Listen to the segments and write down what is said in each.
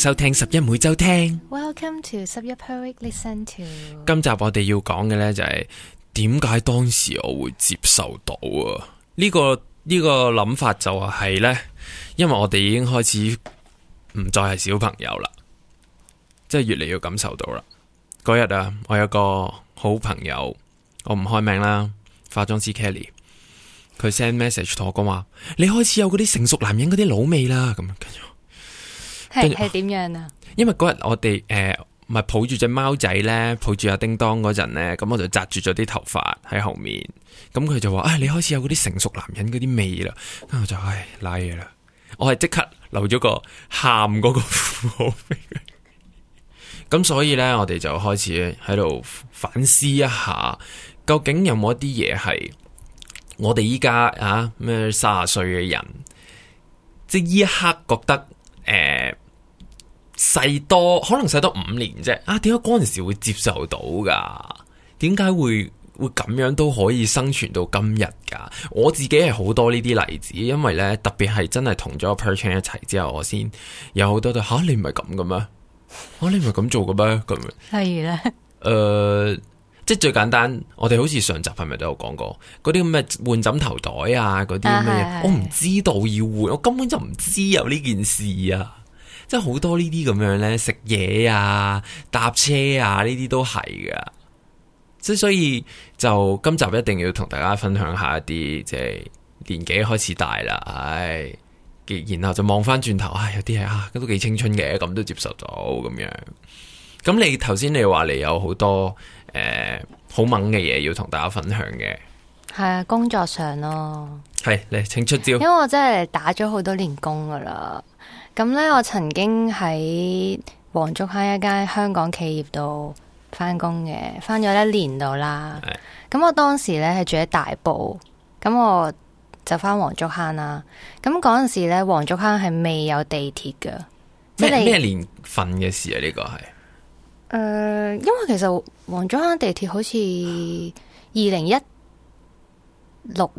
收聽十一每周聽。Welcome to 十一 per week listen to。今集我哋要講嘅呢就係點解當時我會接受到啊？呢個呢個諗法就係呢，因為我哋已經開始唔再係小朋友啦，即係越嚟越感受到啦。嗰日啊，我有個好朋友，我唔開名啦，化妝師 Kelly，佢 send message 同我講話：你開始有嗰啲成熟男人嗰啲老味啦。咁樣。係係點樣啊？因為嗰日我哋誒，唔係抱住隻貓仔咧，抱住阿叮當嗰陣咧，咁我就紮住咗啲頭髮喺後面，咁佢就話、哎，你開始有嗰啲成熟男人嗰啲味啦。咁我就唉瀨嘢啦，我係即刻留咗個喊嗰個符號。咁 所以咧，我哋就開始喺度反思一下，究竟有冇一啲嘢係我哋依家啊咩卅歲嘅人，即依一刻覺得誒。呃細多可能細多五年啫，啊，點解嗰陣時會接受到噶？點解會會咁樣都可以生存到今日噶？我自己係好多呢啲例子，因為呢，特別係真係同咗 person 一齊之後，我先有好多對吓、啊，你唔係咁嘅咩？你唔係咁做嘅咩？咁例如呢，呃、即係最簡單，我哋好似上集係咪都有講過嗰啲咁嘅換枕頭袋啊，嗰啲咩？啊、我唔知道要換，我根本就唔知有呢件事啊！即係好多呢啲咁樣呢，食嘢啊、搭車啊呢啲都係噶。即所以就今集一定要同大家分享下一啲即係年紀開始大啦，唉，然後就望翻轉頭，唉，有啲係啊，都幾青春嘅，咁都接受到咁樣。咁你頭先你話你有好多誒好、呃、猛嘅嘢要同大家分享嘅，係啊，工作上咯，係你請出招，因為我真係打咗好多年工噶啦。咁咧，我曾經喺黃竹坑一間香港企業度翻工嘅，翻咗一年度啦。咁的我當時咧係住喺大埔，咁我就翻黃竹坑啦。咁嗰陣時咧，黃竹坑係未有地鐵噶。麼即你咩年份嘅事啊？呢、呢個係？誒、呃，因為其實黃竹坑地鐵好似二零一六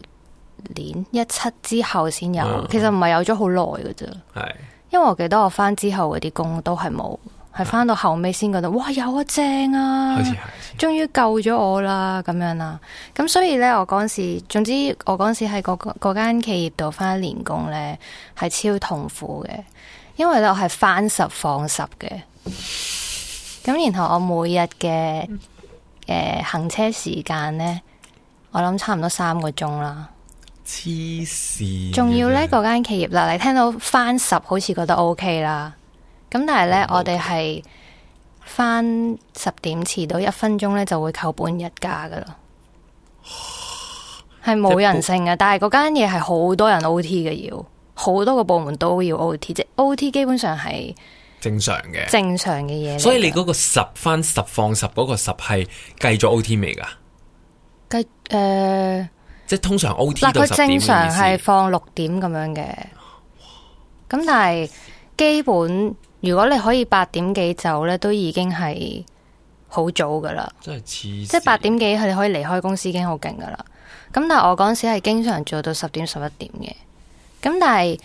年一七之後先有，嗯嗯其實唔係有咗好耐噶啫。係。因為我記得我翻之後嗰啲工都係冇，係翻，啊，到後尾先覺得哇有啊，正啊，終於救咗我啦咁樣啦。咁所以呢，我嗰陣時，總之我嗰陣時喺嗰，嗰個間企業度翻一年工呢，係超痛苦嘅，因為呢，我係翻十放十嘅。咁然後我每日嘅誒，行車時間呢，我諗差唔多三個鐘啦。黐線，仲要呢嗰間企業啦，你聽到翻十好似覺得 O K 啦，咁但係呢，嗯、我哋係翻十點遲到一分鐘呢，就會扣半日假噶啦，係冇、哦、人性噶，是但係嗰間嘢係好多人 O T 嘅，要好多個部門都要 O T，即 O T 基本上係正常嘅，正常嘅嘢，所以你嗰個十翻十放十嗰個十係計咗 O T 未噶？計誒。呃即係通常 O T 到十點佢正常係放六點咁樣嘅，咁哇但係基本如果你可以八點幾走呢，都已經係好早噶啦。即係八點幾佢哋可以離開公司已經好勁噶啦。咁但係我嗰時係經常做到十點十一點嘅，咁但係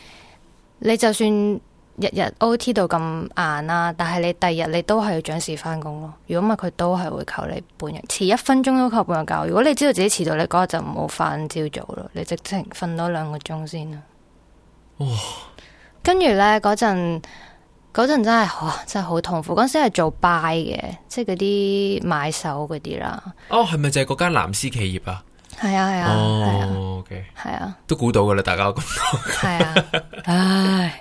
你就算。日日 O T 到咁晏啦，但係你第二日你都係要準時翻工咯。如果唔係，佢都係會扣你半日，遲一分鐘都扣半日教。如果你知道自己遲到，你嗰日就唔好翻朝早咯。你直情瞓多兩個鐘先啦、啊。哇、哦！跟住咧嗰陣，嗰陣真係、哦、真係好痛苦。嗰時係做 buy 嘅，即係嗰啲買手嗰啲啦。哦，係咪就係嗰間藍絲企業啊？係啊係啊，OK，係啊，啊啊都估到噶啦，大家係 啊，唉。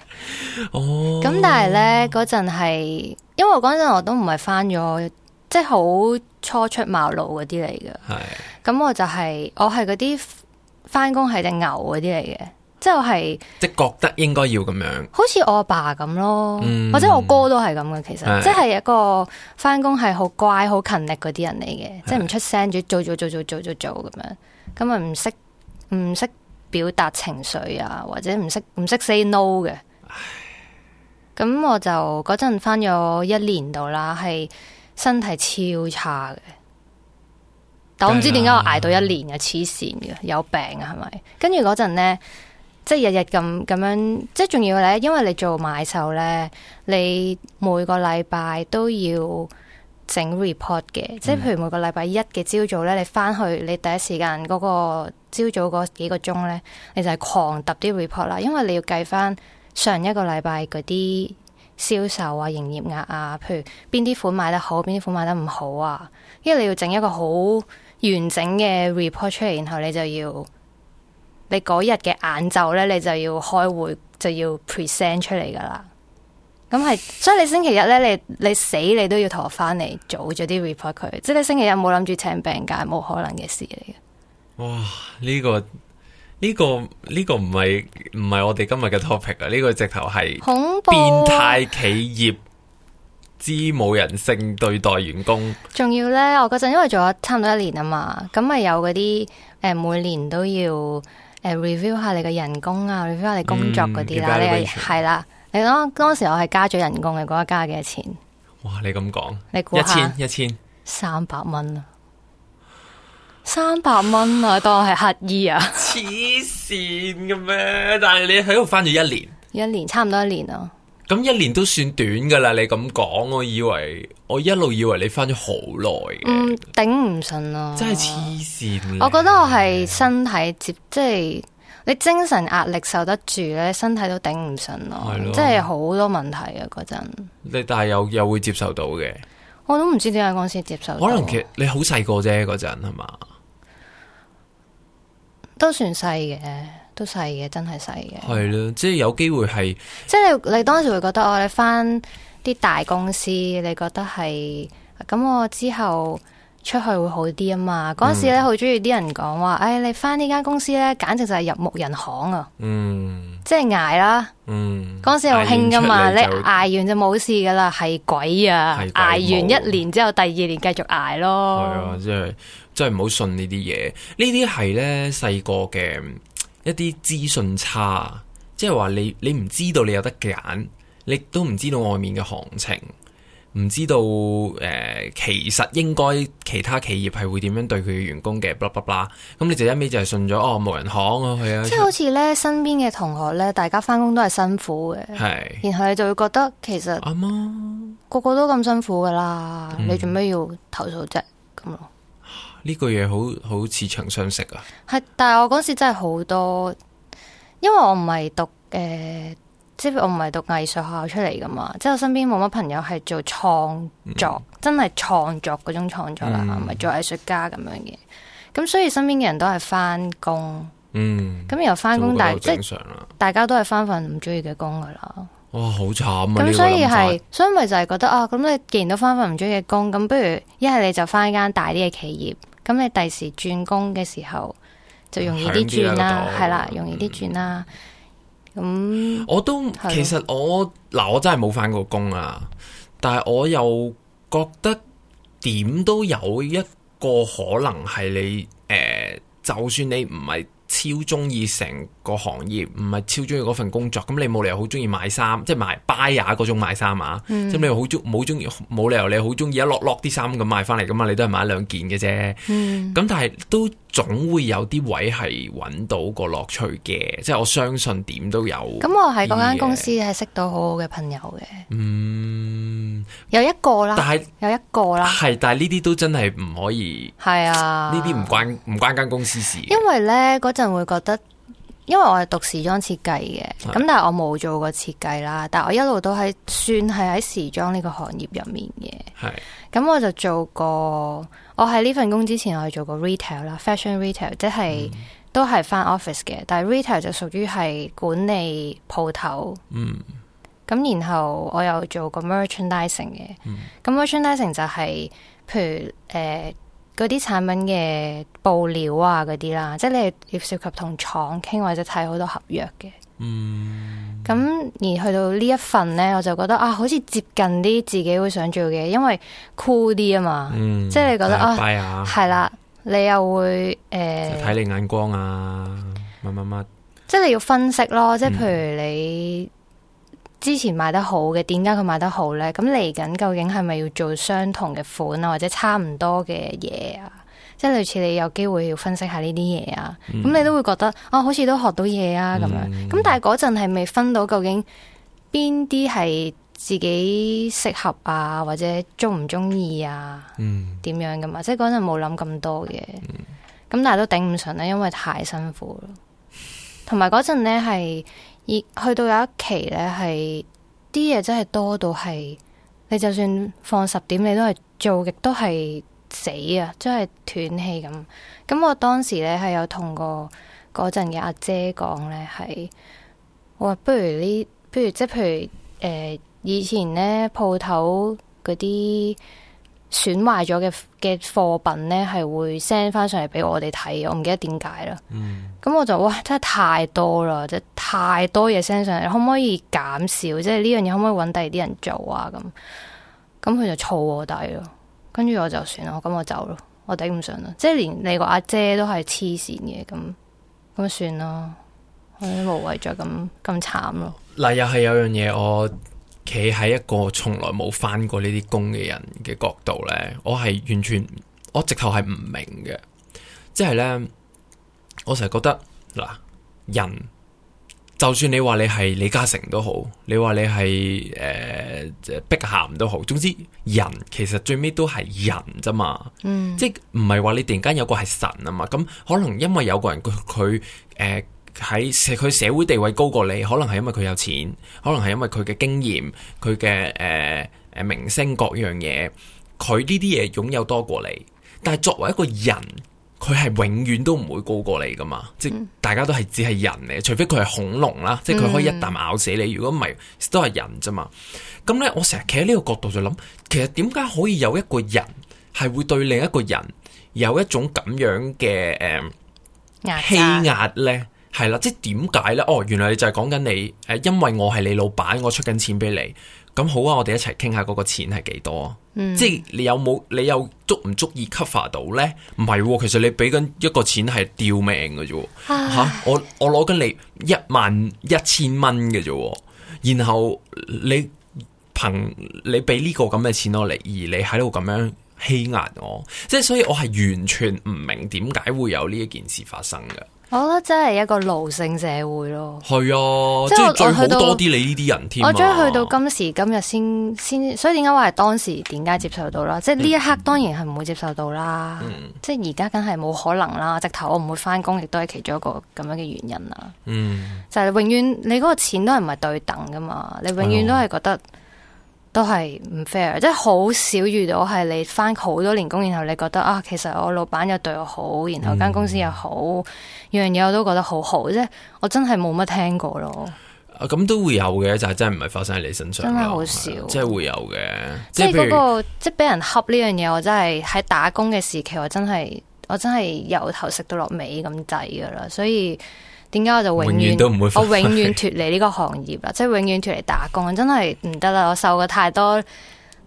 哦但呢，咁但係咧嗰陣係，因為嗰陣我都唔係翻咗，即係好初出茅廬嗰啲嚟嘅。係，咁我就係、是、我係嗰啲返工係隻牛嗰啲嚟嘅，即係我係即係覺得應該要咁樣，好似我阿爸咁咯，嗯、或者我哥都係咁嘅。其實即係是 一個返工係好乖、好勤力嗰啲人嚟嘅，是 即係唔出聲，做做做做做做做咁樣，咁啊唔識唔識表達情緒啊，或者唔識唔識 say no 嘅。咁我就嗰陣翻咗一年度啦，係身體超差嘅，但我唔知點解我捱到一年嘅，黐線嘅有病啊，係咪？跟住嗰陣呢，即係日日咁咁樣，即係仲要咧，因為你做買手咧，你每個禮拜都要整 report 嘅，即係、嗯、譬如每個禮拜一嘅朝早咧，你翻去你第一時間嗰個朝早嗰幾個鐘咧，你就係狂揼啲 report 啦，因為你要計翻。上一個禮拜嗰啲銷售啊、營業額啊，譬如邊啲款買得好，邊啲款買得唔好啊，因為你要整一個好完整嘅 report 出嚟，然後你就要你嗰日嘅晏晝咧，你就要開會就要 present 出嚟噶啦。咁係，所以你星期日咧，你你死你都要同我翻嚟做咗啲 report 佢，即係你星期日冇諗住請病假，冇可能嘅事嚟嘅。哇！呢、這個。呢、這個呢、這個唔係唔係我哋今日嘅 topic 啊！呢、這個直頭係恐怖、啊、變態企業知冇人性對待員工。仲要呢，我嗰陣因為做咗差唔多一年啊嘛，咁咪有嗰啲誒，每年都要誒、呃、review 下你嘅人工啊，review 下你工作嗰啲啦。你係啦，你講當時我係加咗人工嘅，嗰日加幾多錢？哇！你咁講，你估一千一千三百蚊啊！1 1, 000, 1, 000三百蚊啊，當我係乞衣啊！黐綫嘅咩？但係你喺度翻咗一年，一年差唔多一年咯。咁一年都算短噶啦！你咁講，我以為我一路以為你翻咗好耐嗯，頂唔順咯。真係黐綫！我覺得我係身體接，即係你精神壓力受得住咧，你身體都頂唔順咯。的即係好多問題啊！嗰陣你但係又又會接受到嘅，我都唔知點解嗰陣接受到。可能其實你好細個啫，嗰陣係嘛？都算細嘅，都細嘅，真係細嘅。係囉，即係有機會係。即係你，你當時會覺得我哋翻啲大公司，你覺得係咁，我之後出去會好啲啊嘛？嗰陣、嗯、時咧，好中意啲人講話，哎，你翻呢間公司咧，簡直就係入木人行啊！嗯，即係捱啦。嗯，嗰陣時好興噶嘛，捱你捱完就冇事噶啦，係鬼啊！捱完一年之後，第二年繼續捱咯。係啊、嗯，即係。真係唔好信呢啲嘢，呢啲係呢細個嘅一啲資訊差，即係話你你唔知道你有得揀，你都唔知道外面嘅行情，唔知道誒、呃、其實應該其他企業係會點樣對佢嘅員工嘅，巴啦巴啦，咁你就一味就係信咗哦無人行啊去啊，即係好似呢身邊嘅同學呢，大家翻工，都係辛苦嘅，係是，然後你就會覺得其實阿媽、嗯啊、個個都咁辛苦噶啦，你做咩要投訴啫咁啊？嗯呢個嘢好好似曾相識啊！係，但係我嗰時真係好多，因為我唔係讀誒、呃，即係我唔係讀藝術學校出嚟噶嘛。即係我身邊冇乜朋友係做創作，嗯、真係創作嗰種創作啦，唔係、嗯、做藝術家咁樣嘅。咁所以身邊嘅人都係翻工，嗯，咁然後翻工大即大家都係翻份唔中意嘅工噶啦。哇、哦，好慘啊！咁所以係、就是，所以咪就係覺得啊，咁你既然都翻份唔中意嘅工，咁不如一係你就翻間大啲嘅企業。咁你第時轉工嘅時候，就容易啲轉啦，係啦，嗯、容易啲轉啦。咁、嗯、我都其實我嗱、嗯，我真係冇返過工啊，但係我又覺得點都有一個可能係你誒、呃，就算你唔係。超中意成個行業，唔係超中意嗰份工作。咁你冇理由好中意買衫，即係買 buyer 嗰種買衫啊。咁、嗯、你又好中，冇中意，冇理由你好中意一落落啲衫咁買翻嚟噶嘛？你都係買兩件嘅啫。咁、嗯、但係都。總會有啲位係揾到個樂趣嘅，即係我相信點都有。咁我喺嗰間公司係識到好好嘅朋友嘅，嗯，有一個啦，但係有一個啦，係，但係呢啲都真係唔可以，係啊，呢啲唔關唔關間公司事。因為呢嗰陣會覺得，因為我係讀時裝設計嘅，咁的但係我冇做過設計啦，但係我一路都喺算係喺時裝呢個行業入面嘅，係的，咁我就做過。我喺呢份工之前，我係做過 retail 啦，fashion retail，即係、嗯、都係翻 office 嘅。但係 retail 就屬於係管理鋪頭。嗯，咁然後我又做過 merchandising 嘅。咁、嗯、merchandising 就係、是、譬如誒嗰啲產品嘅布料啊嗰啲啦，即係你係要涉及同廠傾或者睇好多合約嘅。嗯，咁而去到呢一份咧，我就覺得啊，好似接近啲自己會想做嘅，因為酷啲啊嘛，嗯、即係你覺得、嗯、啊，係啦、嗯，你又會誒，睇、呃、你眼光啊，乜乜乜，即係你要分析咯，即係譬如你之前賣得好嘅，點解佢賣得好咧？咁嚟緊究竟係咪要做相同嘅款啊，或者差唔多嘅嘢啊？即係類似你有機會要分析下呢啲嘢啊，咁、嗯、你都會覺得啊，好似都學到嘢啊咁、嗯、樣。咁但係嗰陣係未分到究竟邊啲係自己適合啊，或者中唔中意啊，點、嗯、樣噶嘛？即係嗰陣冇諗咁多嘅。咁、嗯、但係都頂唔順咧，因為太辛苦咯。同埋嗰陣呢係，去到有一期呢，係，啲嘢真係多到係，你就算放十點，你都係做極都係。死啊！真係斷氣咁。咁我當時咧係有同過嗰陣嘅阿姐講咧，係我話不如呢，不如，不如即係譬如誒、呃，以前咧鋪頭嗰啲損壞咗嘅嘅貨品咧，係會 send 翻上嚟俾我哋睇。我唔記得點解啦。咁、嗯、我就哇，真係太多啦，即係太多嘢 send 上嚟，可唔可以減少？即係呢樣嘢可唔可以揾第二啲人做啊？咁咁佢就燥我底咯。跟住我就算啦，我咁我走咯，我頂唔順啦，即係連你個阿姐都係黐線嘅，咁咁算啦，我都無謂再咁咁慘咯。嗱，又係有樣嘢我企喺一個從來冇返過呢啲工嘅人嘅角度咧，我係完全我直頭係唔明嘅，即係咧我成日覺得嗱人。就算你話你係李嘉誠都好，你話你係誒碧咸都好，總之人其實最尾都係人啫嘛，嗯，即係唔係話你突然間有個係神啊嘛，咁可能因為有個人佢佢誒喺社佢社會地位高過你，可能係因為佢有錢，可能係因為佢嘅經驗，佢嘅誒誒明星各樣嘢，佢呢啲嘢擁有多過你，但係作為一個人。佢係永遠都唔會高過你噶嘛，即大家都係只係人咧，除非佢係恐龍啦，即係佢可以一啖咬死你。如果唔係都係人啫嘛，咁咧我成日企喺呢個角度就諗，其實點解可以有一個人係會對另一個人有一種咁樣嘅誒欺壓咧？係啦，即係點解咧？哦，原來你就係講緊你誒，因為我係你老闆，我出緊錢俾你。咁好啊！我哋一齊傾下嗰個錢係幾多，嗯、即係你有冇你有足唔足以 cover 到咧？唔係、啊，其實你俾緊一個錢係掉命嘅啫，吓唉、啊、我我攞緊你一萬一千蚊嘅啫，然後你憑你俾呢個咁嘅錢落嚟，而你喺度咁樣欺壓我，即係所以，我係完全唔明點解會有呢一件事發生嘅。我覺得真係一個奴性社會咯，係啊，即係最好多啲你呢啲人添。我將去，去到今時今日先，先，所以點解話係當時點解接受到啦？即係呢一刻當然係唔會接受到啦。嗯、即係而家梗係冇可能啦，直頭我唔會返工，亦都係其中一個咁樣嘅原因啦。嗯，就係永遠你嗰個錢都係唔係對等㗎嘛？你永遠都係覺得。哎都係唔 fair，即係好少遇到係你返好多年工，然後你覺得啊，其實我老闆又對我好，然後間公司又好，嗯、樣嘢我都覺得好好，即係我真係冇乜聽過咯。啊，咁都會有嘅，就係、是、真係唔係發生喺你身上，真係好少，啊、即係會有嘅。即係嗰、那個，如即係俾人恰呢樣嘢，我真係喺打工嘅時期，我真係我真係由頭食到落尾咁滯噶啦，所以。點解我就永遠都唔會，我永遠脫離呢個行業啦， 即係永遠脫離打工，真係唔得啦！我受過太多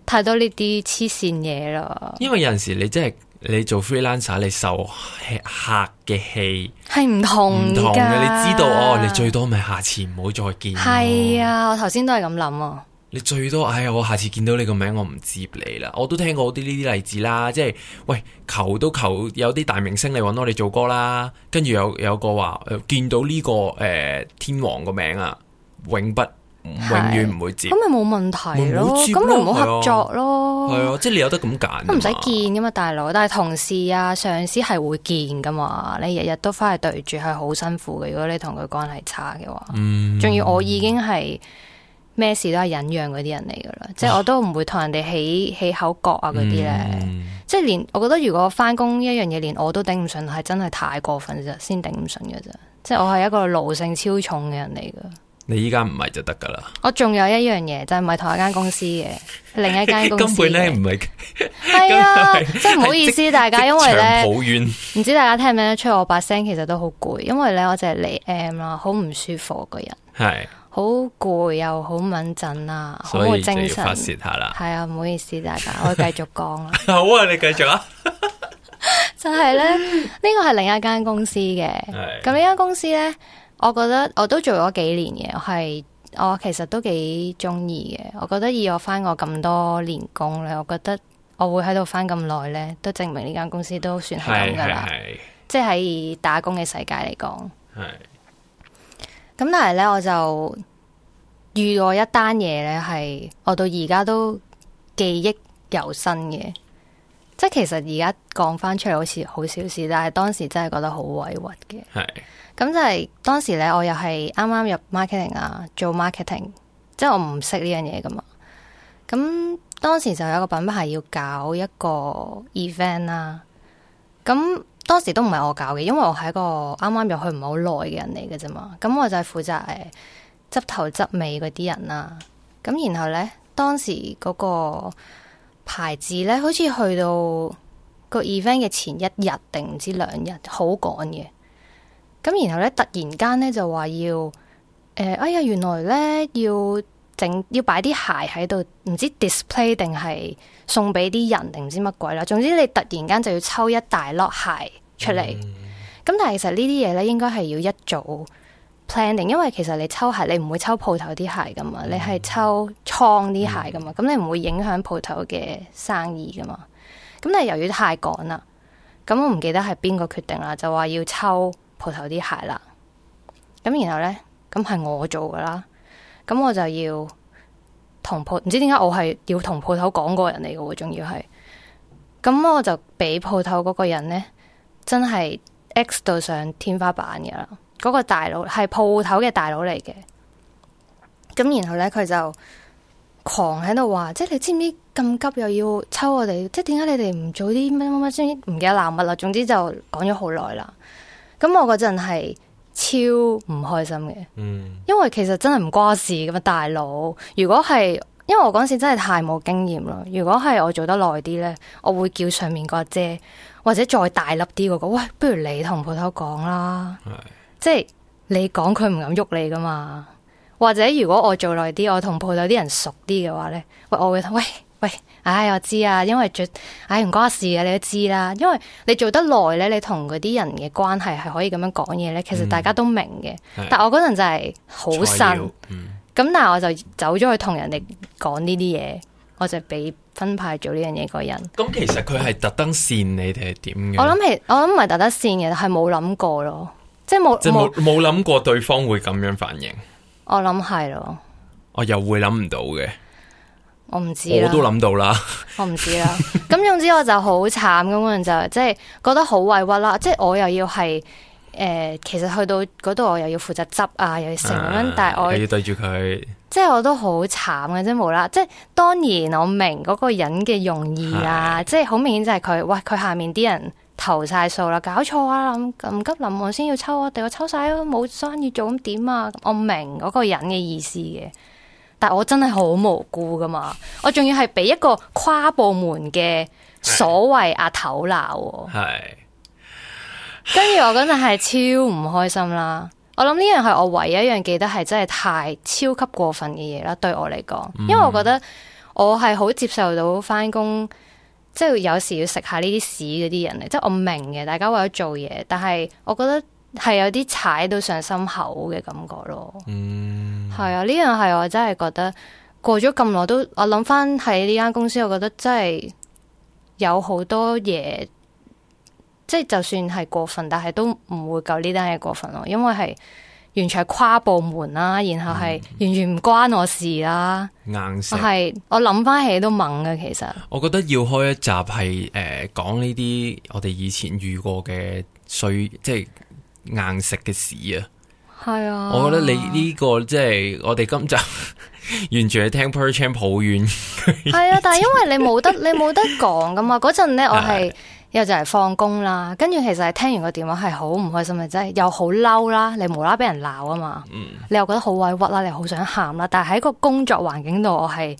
太多呢啲黐線嘢咯。因為有陣時你真係你做 freelancer，你受客嘅氣係唔同唔同嘅，你知道哦，你最多咪下次唔好再見。係啊，我頭先都係咁諗。你最多唉，我、哎、下次見到你個名，我唔接你啦。我都聽過啲呢啲例子啦，即係喂求都求，有啲大明星嚟搵我哋做歌啦。跟住有有個話，見到呢、這個誒、呃、天王個名啊，永不永遠唔會接，咁咪冇問題咯。咁咪唔好合作咯。係啊、嗯，即係你有得咁揀，都唔使見噶嘛大佬。但係同事啊上司係會見噶嘛。你日日都翻去對住係好辛苦嘅。如果你同佢關係差嘅話，仲要我已經係。嗯嗯咩事都係忍讓嗰啲人嚟噶啦，即係我都唔會同人哋起起口角啊嗰啲咧，嗯、即係連我覺得如果翻工一樣嘢，連我都頂唔順，係真係太過分啫，先頂唔順噶啫。即係我係一個奴性超重嘅人嚟噶。你依家唔係就得噶啦。我仲有一樣嘢，就係唔係同一間公司嘅， 另一間公司根本咧唔係。係 啊的， 即係唔好意思大家，因為咧，唔知大家聽唔聽得出，我把聲其實都好攰，因為咧，我就嚟 M 啦，好唔舒服個人。係。好攰又好穩陣啊，好精神。所以就要發洩下啦。係 啊 呢，唔好意思，大家，我繼續講啦。好啊，你繼續啊。就係咧，呢個係另一間公司嘅。咁呢間公司呢，我覺得我都做咗幾年嘅，係我其實都幾中意嘅。我覺得以我翻過咁多年工咧，我覺得我會喺度翻咁耐呢，都證明呢間公司都算係咁噶啦。是是是即係打工嘅世界嚟講，係。咁但係咧，我就遇過一單嘢咧，係我到而家都記憶猶新嘅。即係其實而家講翻出嚟，好似好小事，但係當時真係覺得好委屈嘅。係是。咁就係當時咧，我又係啱啱入 marketing 啊，做 marketing，即係我唔識呢樣嘢㗎嘛。咁當時就有一個品牌要搞一個 event 啦，咁。當時都唔係我搞嘅，因為我係一個啱啱入去唔係好耐嘅人嚟嘅啫嘛。咁我就係負責誒執頭執尾嗰啲人啦。咁然後呢，當時嗰個牌子呢，好似去到個 event 嘅前一日定唔知兩日好趕嘅。咁然後呢，突然間呢，就話要、欸、哎呀，原來呢，要整要擺啲鞋喺度，唔知 display 定係送俾啲人定唔知乜鬼啦。總之你突然間就要抽一大粒鞋。出嚟，咁、嗯、但係其實呢啲嘢咧，應該係要一早 planning，因為其實你抽鞋，你唔會抽鋪頭啲鞋噶嘛，你係抽倉啲鞋噶嘛，咁、嗯、你唔會影響鋪頭嘅生意噶嘛。咁、嗯、但係由於太趕啦，咁我唔記得係邊個決定啦，就話要抽鋪頭啲鞋啦。咁然後咧，咁係我做噶啦，咁我就要同鋪唔知點解我係要同鋪頭講過人嚟噶喎，仲要係，咁我就俾鋪頭嗰個人咧。真係 X 到上天花板嘅啦！嗰個大佬係鋪頭嘅大佬嚟嘅，咁然後呢，佢就狂喺度話，即係你知唔知咁急又要抽我哋？即係點解你哋唔做啲乜乜乜唔記得鬧乜啦！總之就講咗好耐啦。咁我嗰陣係超唔開心嘅，嗯，因為其實真係唔關事咁啊！大佬，如果係因為我嗰時真係太冇經驗啦，如果係我做得耐啲呢，我會叫上面個姐。或者再大粒啲嗰個，喂，不如你同鋪頭講啦，是的 即係你講佢唔敢喐你噶嘛？或者如果我做耐啲，我同鋪頭啲人熟啲嘅話咧，喂，我會，喂喂，唉、哎，我知啊，因為做，唉、哎，唔關事啊，你都知啦，因為你做得耐咧，你同嗰啲人嘅關係係可以咁樣講嘢咧，其實大家都明嘅。嗯、但我嗰陣就係好新，咁、嗯、但係我就走咗去同人哋講呢啲嘢。我就俾分派做呢樣嘢嗰人。咁其實佢係特登扇你哋係點嘅？我諗係，我諗唔係特登扇嘅，係冇諗過咯，即係冇即係冇冇諗過對方會咁樣反應。我諗係咯，我又會諗唔到嘅。我唔知，我都諗到啦。我唔知啦。咁總之我就好慘，咁樣就即係覺得好委屈啦。即係我又要係。誒，其實去到嗰度我又要負責執啊，啊我又要成咁樣，但係我要對住佢，即係我都好慘嘅，真冇啦！即係當然我明嗰個人嘅容易啊，的即係好明顯就係佢，哇佢下面啲人投晒數啦，搞錯啊！咁咁急，諗我先要抽我定我抽晒啊，冇生意做咁點啊！我明嗰個人嘅意思嘅，但我真係好無辜噶嘛，我仲要係俾一個跨部門嘅所謂阿頭鬧，係。跟住我嗰陣係超唔開心啦，我諗呢樣係我唯一一樣記得係真係太超級過分嘅嘢啦，對我嚟講，因為我覺得我係好接受到翻工，嗯、即係有時要食下呢啲屎嗰啲人嚟。即係我明嘅，大家為咗做嘢，但係我覺得係有啲踩到上心口嘅感覺咯。嗯，係啊，呢樣係我真係覺得過咗咁耐都，我諗翻喺呢間公司，我覺得真係有好多嘢。即係就算係過分，但係都唔會夠呢單嘢過分咯，因為係完全係跨部門啦，然後係完全唔關我事啦，硬食係我諗翻起都懵嘅，其實。我覺得要開一集係誒講呢啲我哋以前遇過嘅碎，即係硬食嘅事啊，係啊，我覺得你呢個即係我哋今集完全係聽 Per Chan 抱怨。o 係啊，但係因為你冇得你冇得講噶嘛，嗰陣咧我係。哎又就係放工啦，跟住其實係聽完個電話係好唔開心嘅，即係又好嬲啦，你無啦俾人鬧啊嘛，嗯、你又覺得好委屈啦，你好想喊啦，但係喺個工作環境度，我係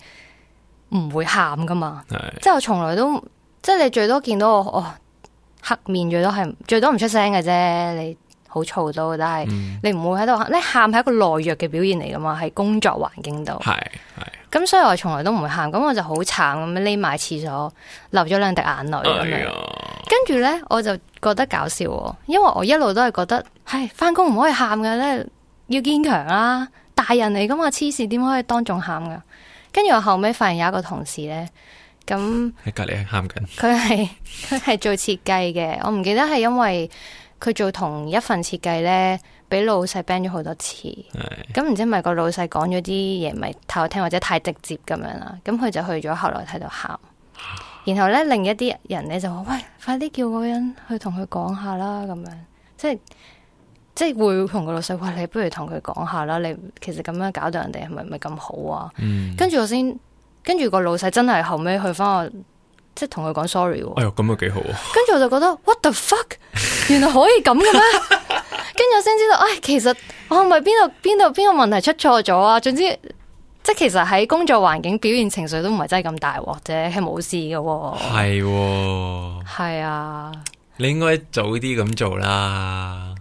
唔會喊噶嘛，是 即係我從來都，即係你最多見到我，我、哦、黑面最多係最多唔出聲嘅啫，你。好嘈到，但係你唔會喺度，喊、嗯。你喊係一個懦弱嘅表現嚟噶嘛？喺工作環境度，係係。咁所以我從來都唔會喊，咁我就好慘咁樣匿埋廁所，流咗兩滴眼淚咁、哎、呀跟住咧，我就覺得搞笑，因為我一路都係覺得，唉，翻工唔可以喊嘅咧，要堅強啊，大人嚟噶嘛，黐線點可以當眾喊噶？跟住我後尾發現有一個同事咧，咁喺隔籬喊緊，佢係佢係做設計嘅，我唔記得係因為。佢做同一份設計呢，俾老細 ban 咗好多次。咁唔知咪個老細講咗啲嘢咪透聽，或者太直接咁樣啦。咁佢就去咗，後來睇度喊。然後呢，另一啲人呢就話：喂，快啲叫嗰個人去同佢講下啦。咁樣即係即係會同個老細話：你不如同佢講下啦。你其實咁樣搞到人哋係咪唔係咁好啊？嗯、跟住我先跟住個老細真係後尾去翻我。即同佢講 sorry，哎喲咁又幾好啊！跟住我就覺得 what the fuck，原來可以咁嘅咩？ 跟住我先知道，唉、哎，其實我係咪邊度邊度邊個問題出錯咗啊？總之，即係其實喺工作環境表現情緒都唔係真係咁大鑊啫，係冇事嘅、哦。係喎、哦，係啊，你應該早啲咁做啦，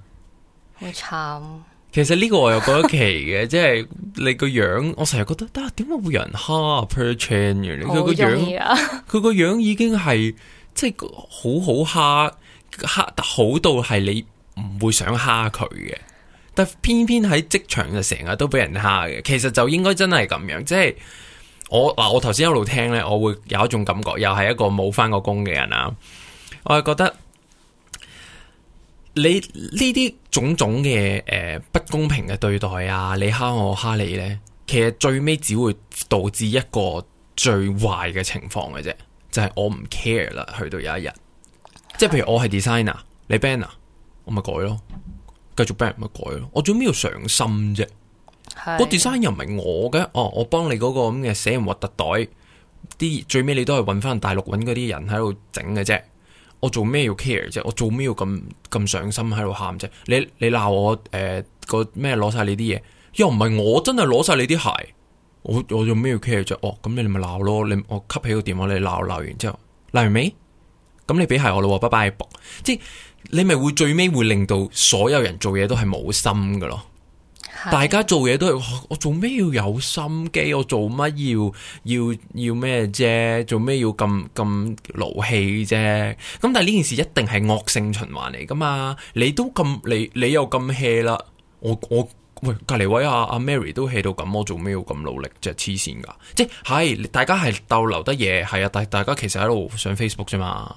好慘。其實呢個我又覺得奇嘅， 即係你個樣，我成日覺得，啊，點解會有人蝦 Per Chan 嘅？佢個樣，佢個 樣已經係即係好好蝦，蝦好到係你唔會想蝦佢嘅。但偏偏喺職場就成日都俾人蝦嘅，其實就應該真係咁樣。即係我嗱，我頭先一路聽咧，我會有一種感覺，又係一個冇返過工嘅人啊，我係覺得。你呢啲種種嘅誒、呃、不公平嘅對待啊，你蝦我，蝦你咧，其實最尾只會導致一個最壞嘅情況嘅啫，就係、是、我唔 care 啦。去到有一日，即係譬如我係 designer，你 banner，我咪改咯，繼續 ban 咪改咯。我做咩要上心啫？是個 design 又唔係我嘅，哦、啊，我幫你嗰個咁嘅死人核突袋，啲最尾你都係搵翻大陸搵嗰啲人喺度整嘅啫。我做咩要 care 啫、呃？我做咩要咁咁上心喺度喊啫？你你鬧我誒個咩攞晒你啲嘢？又唔係我真係攞晒你啲鞋？我我做咩要 care 啫？哦，咁你咪鬧咯！你我吸起個電話你鬧鬧完之後，鬧完未？咁你俾鞋我啦，話拜拜，即係你咪會最尾會令到所有人做嘢都係冇心噶咯。大家做嘢都係、哦、我做咩要有心機？我做乜要要要咩啫？做咩要咁咁勞氣啫？咁但係呢件事一定係惡性循環嚟噶嘛？你都咁你你又咁 hea 啦？我我喂隔籬位阿、啊、阿、啊、Mary 都 hea 到咁，我做咩要咁努力啫？黐線噶，即係大家係逗留得嘢係啊。大大家其實喺度上 Facebook 啫嘛。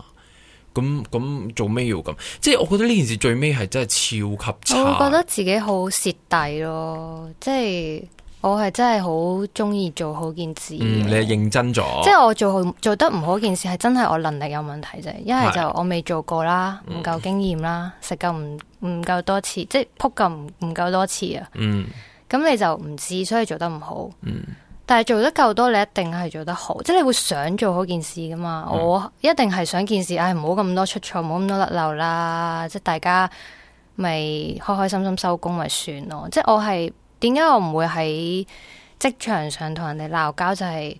咁咁做咩要咁？即係我覺得呢件事最尾係真係超級差。我覺得自己好蝕底咯，即係我係真係好中意做好件事，嗯。你係認真咗。即係我做做得唔好件事，係真係我能力有問題啫。一係就我未做過啦，唔夠經驗啦，食夠唔唔夠多次，即係撲夠唔唔夠多次啊。嗯。咁你就唔知，所以做得唔好。嗯。但係做得夠多，你一定係做得好，即係你會想做好件事噶嘛？嗯、我一定係想件事，唉、哎，唔好咁多出錯，唔好咁多甩漏啦，即係大家咪開開心心收工咪算咯。即係我係點解我唔會喺職場上同人哋鬧交？就係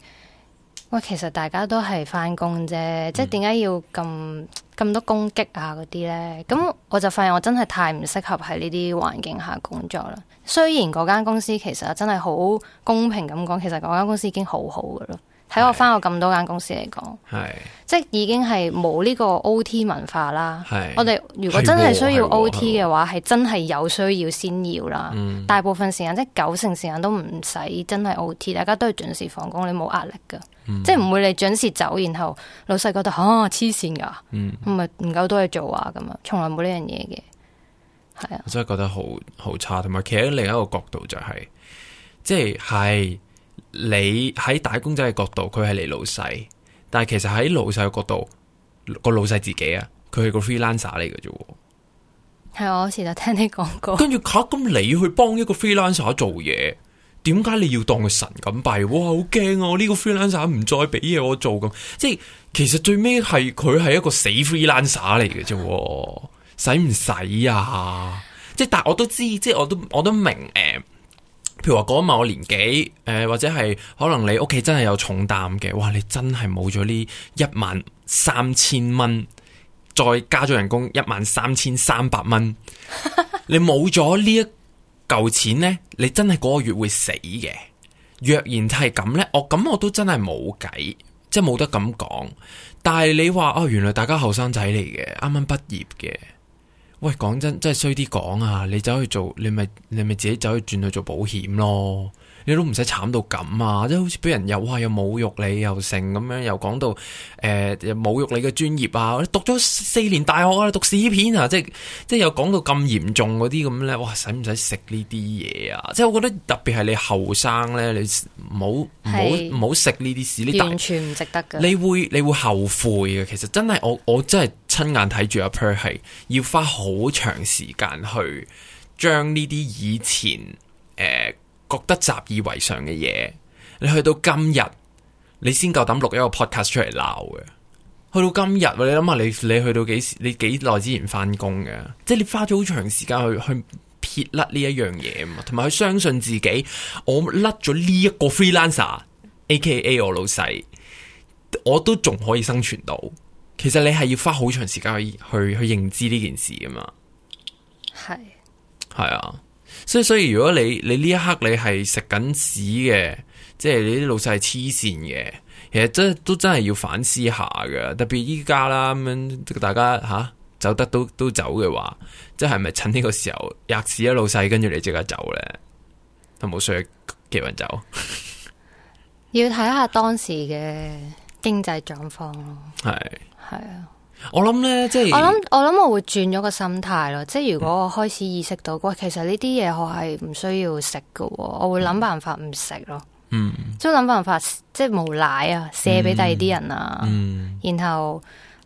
喂，其實大家都係翻工啫，嗯、即係點解要咁咁多攻擊啊嗰啲呢？咁我就發現我真係太唔適合喺呢啲環境下工作啦。雖然嗰間公司其實真係好公平咁講，其實嗰間公司已經好好噶咯。睇是我翻返過咁多間公司嚟講，是即已經係冇呢個 O T 文化啦。是我哋如果真係需要 O T 嘅話，係真係有需要先要啦。嗯、大部分時間即係九成時間都唔使真係 O T，大家都係準時放工，你冇壓力噶，嗯、即係唔會你準時走，然後老細覺得啊黐線噶，唔係唔夠多嘢做啊咁啊，從來冇呢樣嘢嘅。我真係覺得好好差，同埋企喺另一個角度就係、是，即係你喺打工仔嘅角度，佢係你老細，但係其實喺老細嘅角度，個老細自己啊，佢係個 freelancer 嚟嘅啫。係我之前就聽你講過，跟住吓咁你去幫一個 freelancer 做嘢，點解你要當佢神咁拜？哇，好驚啊！呢、這個 freelancer 唔再俾嘢我做咁，即係其實最尾係佢係一個死 freelancer 嚟嘅啫。使唔使啊？即係，但我都知，即係，我都我都明。誒、呃，譬如話嗰一晚我年紀，誒、呃，或者係可能你屋企真係有重擔嘅，哇！你真係冇咗呢一萬三千蚊，再加咗人工一萬三千三百蚊， 你冇咗呢一嚿錢呢，你真係嗰個月會死嘅。若然係咁呢，我咁我都真係冇計，即係冇得咁講。但係你話哦，原來大家後生仔嚟嘅，啱啱畢業嘅。喂，講真，真係衰啲講啊！你走去做，你咪你咪自己走去轉去做保險咯。你都唔使慘到咁啊！即係好似俾人又哇又侮辱你又成咁樣又講到誒、呃、又侮辱你嘅專業啊！讀咗四年大學啊，讀屎片啊！即係即係又講到咁嚴重嗰啲咁咧，哇！使唔使食呢啲嘢啊？即係我覺得特別係你後生咧，你唔好唔好唔好食呢啲屎！是事完全唔值得嘅。你會你會後悔嘅。其實真係我我真係親眼睇住阿 Per 係要花好長時間去將呢啲以前誒、呃覺得習以為常嘅嘢，你去到今日，你先夠膽錄一個 podcast 出嚟鬧嘅。去到今日，你諗下你你去到幾時？你幾耐之前翻工嘅？即係你花咗好長時間去去撇甩呢一樣嘢啊嘛，同埋去相信自己，我甩咗呢一個 freelancer，AKA 我老細，我都仲可以生存到。其實你係要花好長時間去去去認知呢件事㗎嘛。係係是啊。所以所以，如果你你呢一刻你係食緊屎嘅，即係你啲老細係黐線嘅，其實真係都真係要反思下㗎。特別依家啦咁樣，大家吓、啊、走得都都走嘅話，即係咪趁呢個時候壓屎啊，老細跟住你即刻走呢？都冇需要嘅運走。要睇下當時嘅經濟狀況咯，係係啊。我諗咧，即係我諗，我諗我會轉咗個心態咯。即係如果我開始意識到，喂，其實呢啲嘢我係唔需要食噶，我會諗辦法唔食咯。即係諗辦法，即係無賴啊，卸俾第二啲人啊。然後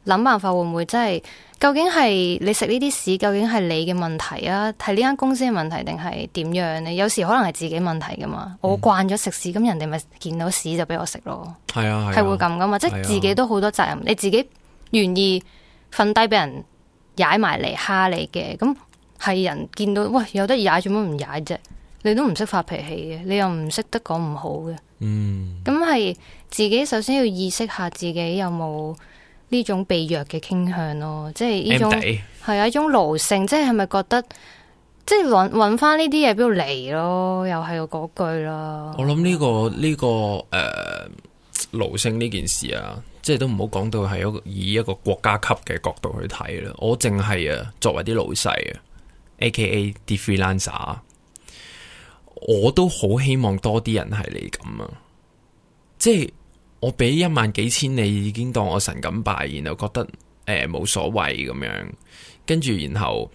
諗辦法會唔會即係？究竟係你食呢啲屎，究竟係你嘅問題啊？係呢間公司嘅問題，定係點樣咧？有時可能係自己問題噶嘛。我慣咗食屎，咁人哋咪見到屎就俾我食咯。係啊，係會咁噶嘛？即係自己都好多責任，你自己。願意瞓低俾人踩埋嚟蝦你嘅，咁係人見到喂有得踩，做乜唔踩啫？你都唔識發脾氣嘅，你又唔識得講唔好嘅。嗯，咁係自己首先要意識下自己有冇呢種被虐嘅傾向咯，即係呢種係一種奴性，即係係咪覺得即係搵搵翻呢啲嘢邊度嚟咯？又係嗰句啦。我諗呢個呢個誒奴、呃、性呢件事啊。即係都唔好講到係一個以一個國家級嘅角度去睇啦，我淨係啊作為啲老細啊，A K A 啲 freelancer，我都好希望多啲人係你咁啊！即係我俾一萬幾千，你已經當我神咁拜，然後覺得誒冇、呃、所謂咁樣，跟住然後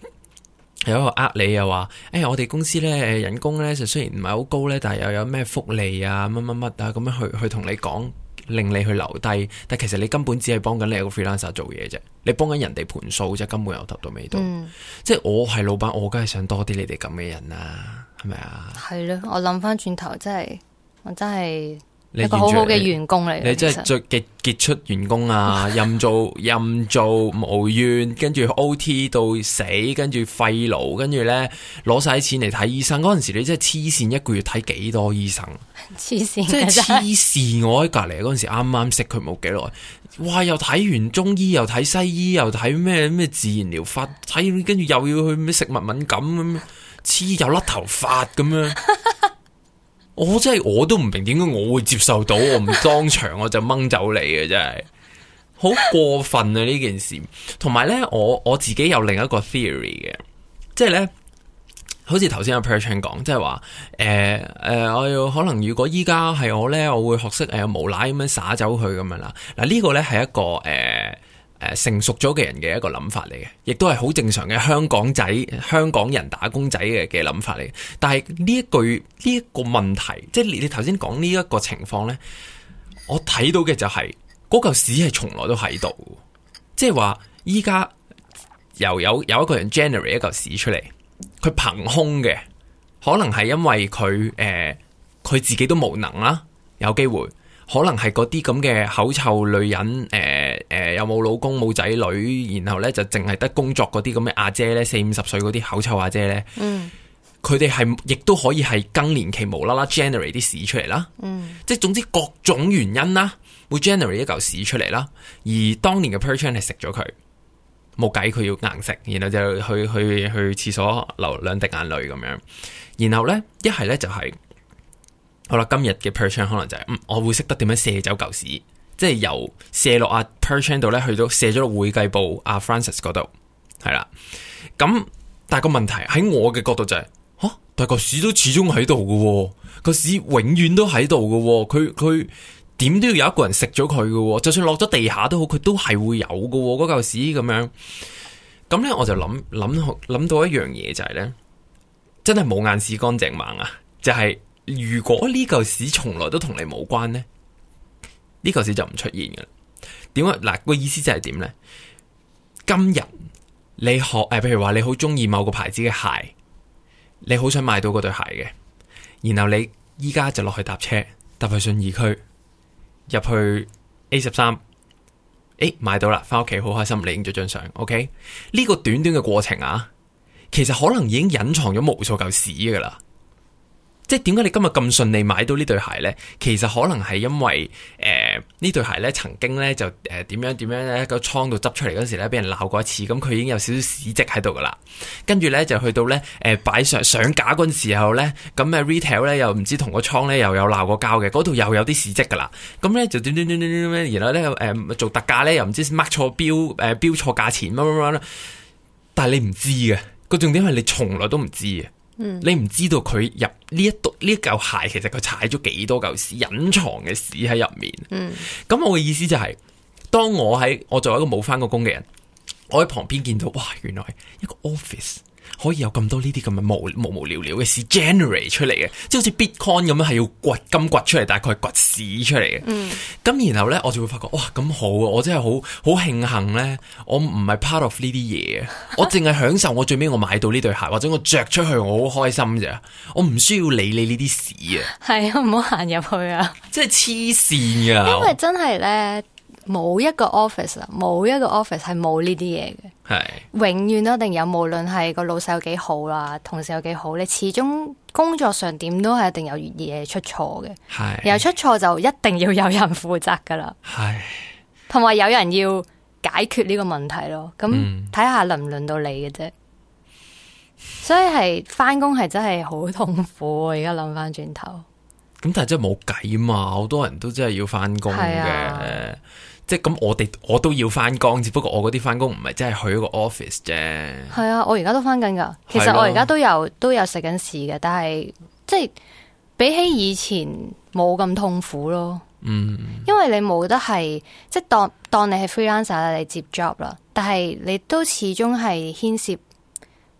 有一個呃你又話，誒、哎、我哋公司咧人工咧就雖然唔係好高咧，但係又有咩福利啊乜乜乜啊咁樣去去同你講。令你去留低，但其實你根本只係幫緊你個 freelancer 做嘢啫，你幫緊人哋盤數啫，根本由頭到尾都。嗯、即係我係老闆，我梗係想多啲你哋咁嘅人啦，係咪啊？係咯、啊，我諗翻轉頭，真係我真係。你好好嘅員工嚟，你,你真係做傑出員工啊， 任做任做無怨，跟住 O T 到死，跟住肺勞，跟住咧攞晒錢嚟睇醫生。嗰陣時你真係黐線，一個月睇幾多醫生？黐線，真係黐線！我喺隔籬嗰陣時剛剛，啱啱識佢冇幾耐，哇！又睇完中醫，又睇西醫，又睇咩咩自然療法，睇跟住又要去咩食物敏感咁樣，黐又甩頭髮咁樣。 我真係，我都唔明點解我會接受到，我唔當場我就掹走你嘅，真係好過分啊！呢件事，同埋呢，我我自己有另一個 theory 嘅，即係呢，好似頭先阿 Per Chan 講，即係話，誒、呃、誒、呃，我要可能如果依家係我呢，我會學識誒、呃、無賴咁樣撒走佢咁樣啦。嗱、呃、呢、這個呢係一個誒。呃成熟咗嘅人嘅一個諗法嚟嘅，亦都係好正常嘅香港仔、香港人、打工仔嘅嘅諗法嚟。但係呢一句、呢一個問題，即係你你頭先講呢一個情況呢，我睇到嘅就係嗰嚿屎係從來都喺度，即係話依家又有有一個人 generate 一嚿屎出嚟，佢憑空嘅，可能係因為佢誒佢自己都無能啦，有機會可能係嗰啲咁嘅口臭女人誒。呃誒，呃、有冇老公冇仔女，然後咧就淨係得工作嗰啲咁嘅阿姐咧，四五十歲嗰啲口臭阿姐咧，佢哋係亦都可以係更年期無啦啦 generate 啲屎出嚟啦，嗯、即係總之各種原因啦，會 generate 一嚿屎出嚟啦。而當年嘅 Per Chan 係食咗佢，冇計佢要硬食，然後就去去去廁所流兩滴眼淚咁樣。然後咧一係咧就係、是、好啦，今日嘅 Per Chan 可能就係、是嗯、我會識得點樣卸走嚿屎。即係由射落阿 Per Chan 度咧，去到射咗落會計部阿 Francis 嗰度，係啦。咁但係個問題喺我嘅角度就係、是，吓但係個屎都始終喺度嘅，個屎永遠都喺度嘅，佢佢點都要有一個人食咗佢嘅，就算落咗地下都好，佢都係會有嘅。嗰嚿屎咁樣，咁咧我就諗諗諗到一樣嘢就係、是、咧，真係冇眼屎乾淨盲啊！就係、是、如果呢嚿屎從來都同你冇關咧。呢舊事就唔出現嘅啦。點解？嗱個意思即係點呢？今日你學誒、呃，譬如話你好中意某個牌子嘅鞋，你好想買到嗰對鞋嘅，然後你依家就落去搭車，搭去信義區，入去 A 十三，誒，買到啦，翻屋企好開心，你影咗張相。OK，呢個短短嘅過程啊，其實可能已經隱藏咗無數舊史噶啦。即係點解你今日咁順利買到呢對鞋咧？其實可能係因為誒、呃、呢對鞋咧曾經咧就誒點樣點樣咧個倉度執出嚟嗰時咧俾人鬧過一次，咁佢已經有少少屎跡喺度噶啦。跟住咧就去到咧誒擺上上架嗰陣時候咧，咁誒 retail 咧又唔知同個倉咧又有鬧過交嘅，嗰度又有啲屎跡噶啦。咁咧就點點點點點咧，然後咧誒、呃、做特價咧又唔知 mark 錯標誒、呃、標錯價錢乜乜乜啦。但係你唔知嘅個重點係你從來都唔知嘅。你唔知道佢入呢一度呢一嚿鞋，其實佢踩咗幾多嚿屎，隱藏嘅屎喺入面。咁、嗯、我嘅意思就係、是，當我喺我作為一個冇翻過工嘅人，我喺旁邊見到，哇！原來一個 office。可以有咁多呢啲咁嘅無無無聊聊嘅事 generate 出嚟嘅，即係好似 Bitcoin 咁樣係要掘金掘出嚟，大概掘屎出嚟嘅。嗯，咁然後咧，我就會發覺，哇，咁好啊！我真係好好慶幸咧，我唔係 part of 呢啲嘢啊，我淨係享受我最尾我買到呢對鞋， 或者我着出去我好開心啫，我唔需要理你呢啲屎啊！係啊、嗯，唔好行入去啊！即係黐線噶，因為真係咧。冇一個 office 啦，冇一個 office 係冇呢啲嘢嘅。係是永遠都一定有，無論係個老細有幾好啦，同事有幾好，你始終工作上點都係一定有嘢出錯嘅。係是，然後出錯就一定要有人負責噶啦。係是，同埋有人要解決呢個問題咯。咁睇下輪唔輪到你嘅啫。嗯、所以係翻工係真係好痛苦、啊。而家諗翻轉頭，咁但係真係冇計嘛？好多人都真係要翻工嘅。即咁，我哋我都要翻工，只不過我嗰啲翻工唔係真係去一個 office 啫。係啊，我而家都翻緊噶其實我而家都有都有食緊屎嘅，但係即係比起以前冇咁痛苦咯。嗯，因為你冇得係即係當當你係 freelancer 啦，你接 job 啦，但係你都始終係牽涉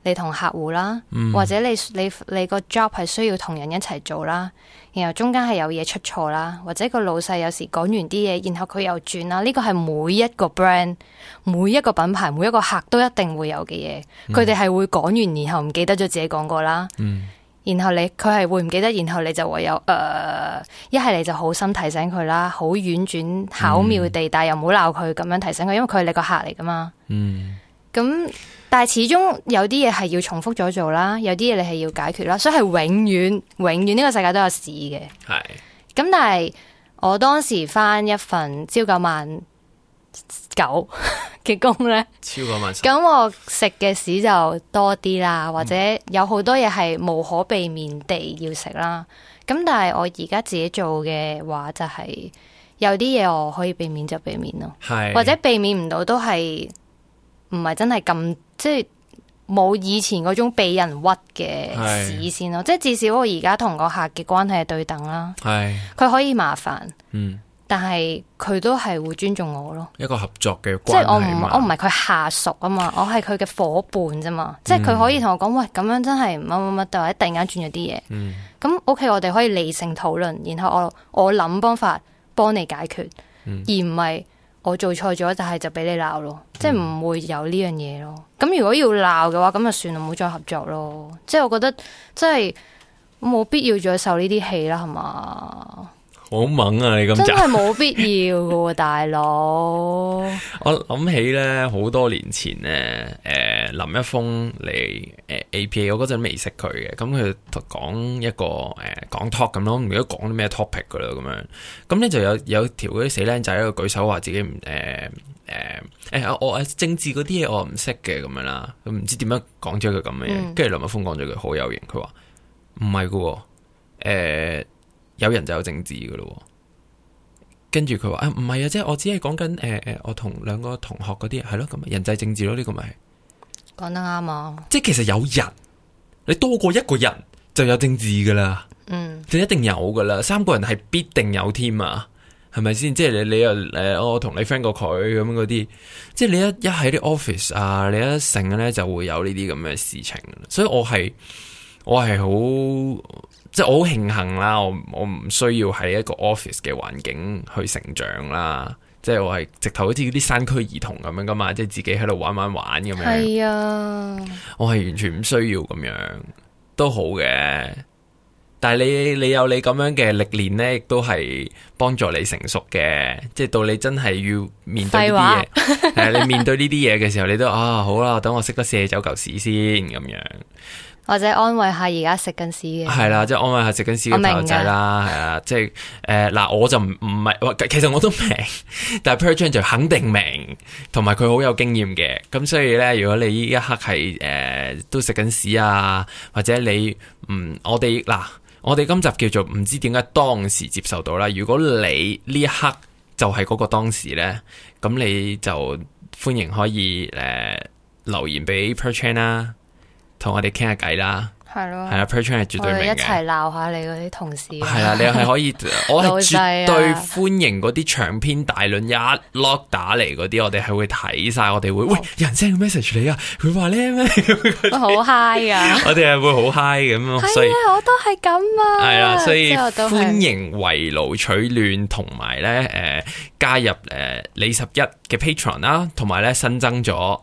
你同客戶啦，嗯、或者你你你個 job 係需要同人一齊做啦，然後中間係有嘢出錯啦，或者個老細有時講完啲嘢，然後佢又轉啦，呢個係每一個 brand、每一個品牌、每一個客都一定會有嘅嘢，佢哋係會講完然後唔記得咗自己講過啦，嗯、然後你佢係會唔記得，然後你就會有誒一係你就好心提醒佢啦，好婉轉巧妙地，但又唔好鬧佢咁樣提醒佢，因為佢係你個客嚟噶嘛，嗯，咁。但係始終有啲嘢係要重複咗做啦，有啲嘢你係要解決啦，所以係永遠永遠呢個世界都有屎嘅。係咁是，但係我當時返一份朝九晚九嘅工咧呢，超過九。咁我食嘅屎就多啲啦，或者有好多嘢係無可避免地要食啦。咁、嗯、但係我而家自己做嘅話、就是，就係有啲嘢我可以避免就避免咯，是或者避免唔到都係唔係真係咁。即係冇以前嗰種被人屈嘅事先咯，的即係至少我而家同個客嘅關係係對等啦。係佢的可以麻煩，嗯，但係佢都係會尊重我咯。一個合作嘅關係，即係我唔，我唔係佢下屬啊嘛，我係佢嘅夥伴啫嘛。即係佢可以同我講，嗯、喂，咁樣真係唔乜乜乜就或者突然間轉咗啲嘢。嗯，咁 OK，我哋可以理性討論，然後我我諗方法幫你解決，而唔係。我做錯咗，但係就俾你鬧咯，即係唔會有呢樣嘢咯。咁、嗯、如果要鬧嘅話，咁就算啦，唔好再合作咯。即係我覺得，即係冇必要再受呢啲氣啦，係嘛？好猛啊！你咁真係冇必要噶，大佬。我諗起咧，好多年前咧，誒林一峰嚟誒 APA，我嗰陣未識佢嘅，咁佢講一個誒講 talk 咁咯，唔記得講啲咩 topic 噶啦咁樣。咁咧就有有條嗰啲死僆仔喺度舉手話自己唔誒誒誒我誒政治嗰啲嘢我唔識嘅咁樣啦，唔知點樣講咗佢句咁嘅嘢，跟住、嗯、林一峰講咗句好有型，佢話唔係噶，誒。呃呃有人就有政治噶咯，跟住佢話啊唔係啊，即係、啊、我只係講緊誒誒，我同兩個同學嗰啲係咯，咁人際政治咯呢、這個咪、就、講、是、得啱啊！即係其實有人，你多過一個人就有政治噶啦，嗯，就一定有噶啦，三個人係必定有添、呃、啊，係咪先？即係你你又誒，我同你 friend 過佢咁嗰啲，即係你一一喺啲 office 啊，你一成咧就會有呢啲咁嘅事情，所以我係我係好。即係我好慶幸啦，我我唔需要喺一個 office 嘅環境去成長啦。即係我係直頭好似啲山區兒童咁樣㗎嘛，即係自己喺度玩玩玩咁樣。係啊，我係完全唔需要咁樣，都好嘅。但係你你有你咁樣嘅歷練呢，亦都係幫助你成熟嘅。即係到你真係要面對呢啲嘢，係廢話、 啊，你面對呢啲嘢嘅時候，你都啊好啦，等我識得卸走嚿屎先咁樣。或者安慰下而家食緊屎嘅，係啦，即係安慰下食緊屎嘅朋友仔啦，係啊，即係誒嗱，我就唔唔係，其實我都明，但係 Per Chan 就肯定明，同埋佢好有經驗嘅，咁所以咧，如果你呢一刻係誒、呃、都食緊屎啊，或者你嗯、呃，我哋嗱、呃，我哋今集叫做唔知點解當時接受到啦，如果你呢一刻就係嗰個當時咧，咁你就歡迎可以誒、呃、留言俾 Per Chan 啦。同我哋傾下偈啦，係咯，係啊，Patreon 係絕對明嘅。我哋一齊鬧下你嗰啲同事。係啦，你係可以，我係絕對歡迎嗰啲長篇大論一 lock 打嚟嗰啲，我哋係會睇晒，我哋會喂人聲 message 你啊，佢話咧咩，好 high 啊！ 我哋係會好 high 咁咯，所以我都係咁啊，係啦所以、 啊， 所以歡迎圍爐取暖，同埋咧誒加入誒李十一嘅 Patreon 啦，同埋咧新增咗。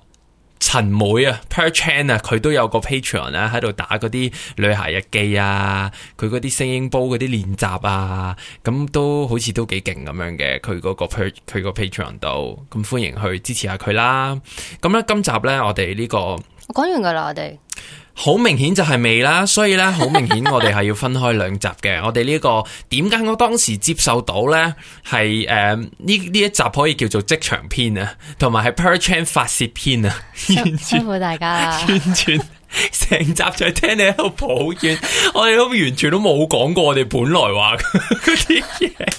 陳妹啊 Per Chan 啊，佢都有個 patron 啊，喺度打嗰啲女孩日記啊，佢嗰啲聲音煲嗰啲練習啊，咁都好似都幾勁咁樣嘅，佢嗰個佢佢個 patron 度，咁歡迎去支持下佢啦。咁咧今集咧，我哋呢個，講完噶啦，我哋。好明顯就係未啦，所以呢，好明顯我哋係要分開兩集嘅。 我哋呢、這個點解我當時接受到呢係誒呢呢一集可以叫做職場篇啊，同埋係 Per Chan 發洩篇啊，完全辛苦大家，完全成集就係聽你喺度抱怨，我哋都完全都冇講過我哋本來話啲嘢。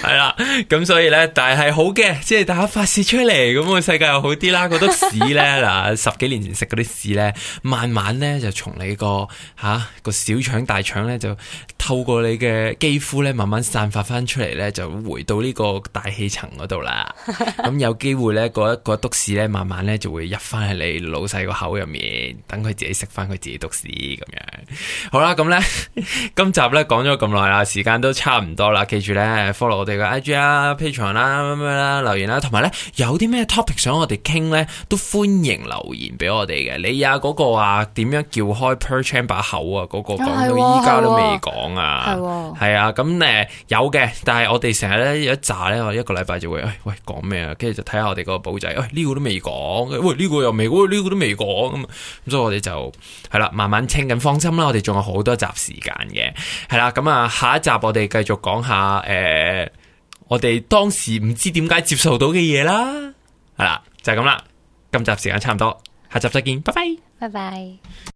係啦，咁所以呢，但係好嘅，即係大家發泄出嚟，咁個世界又好啲啦。嗰啲屎呢，嗱， 十幾年前食嗰啲屎呢，慢慢呢，就從你個吓個小腸大腸呢，就。透過你嘅肌膚咧，慢慢散發翻出嚟咧，就回到呢個大氣層嗰度啦。咁 有機會咧，嗰、嗰、一個篤屎咧，慢慢咧就會入翻喺你老細個口入面，等佢自己食翻佢自己篤屎咁樣。好啦，咁咧 今集咧講咗咁耐啦，時間都差唔多啦。記住咧，follow 我哋嘅 IG 啦、啊、Patreon 啦、啊、乜乜乜留言啦、啊，同埋咧有啲咩 topic 想我哋傾咧，都歡迎留言俾我哋嘅。你呀嗰個啊，點樣撬開 Per Chan 把口啊嗰、嗰個講到依家都未講。係喎，係啊，咁誒、啊呃、有嘅，但係我哋成日咧有一集咧，我一個禮拜就會誒喂講咩啊，跟住就睇下我哋個簿仔，喂呢、哎這個都未講，喂、哎、呢、這個又未，呢、哎這個都未講咁，咁、嗯、所以我哋就係啦，慢慢清緊，放心啦，我哋仲有好多集時間嘅，係啦，咁啊下一集我哋繼續講下誒、呃、我哋當時唔知點解接受到嘅嘢啦，係啦，就係咁啦，今集時間差唔多，下集再見，拜拜，拜拜。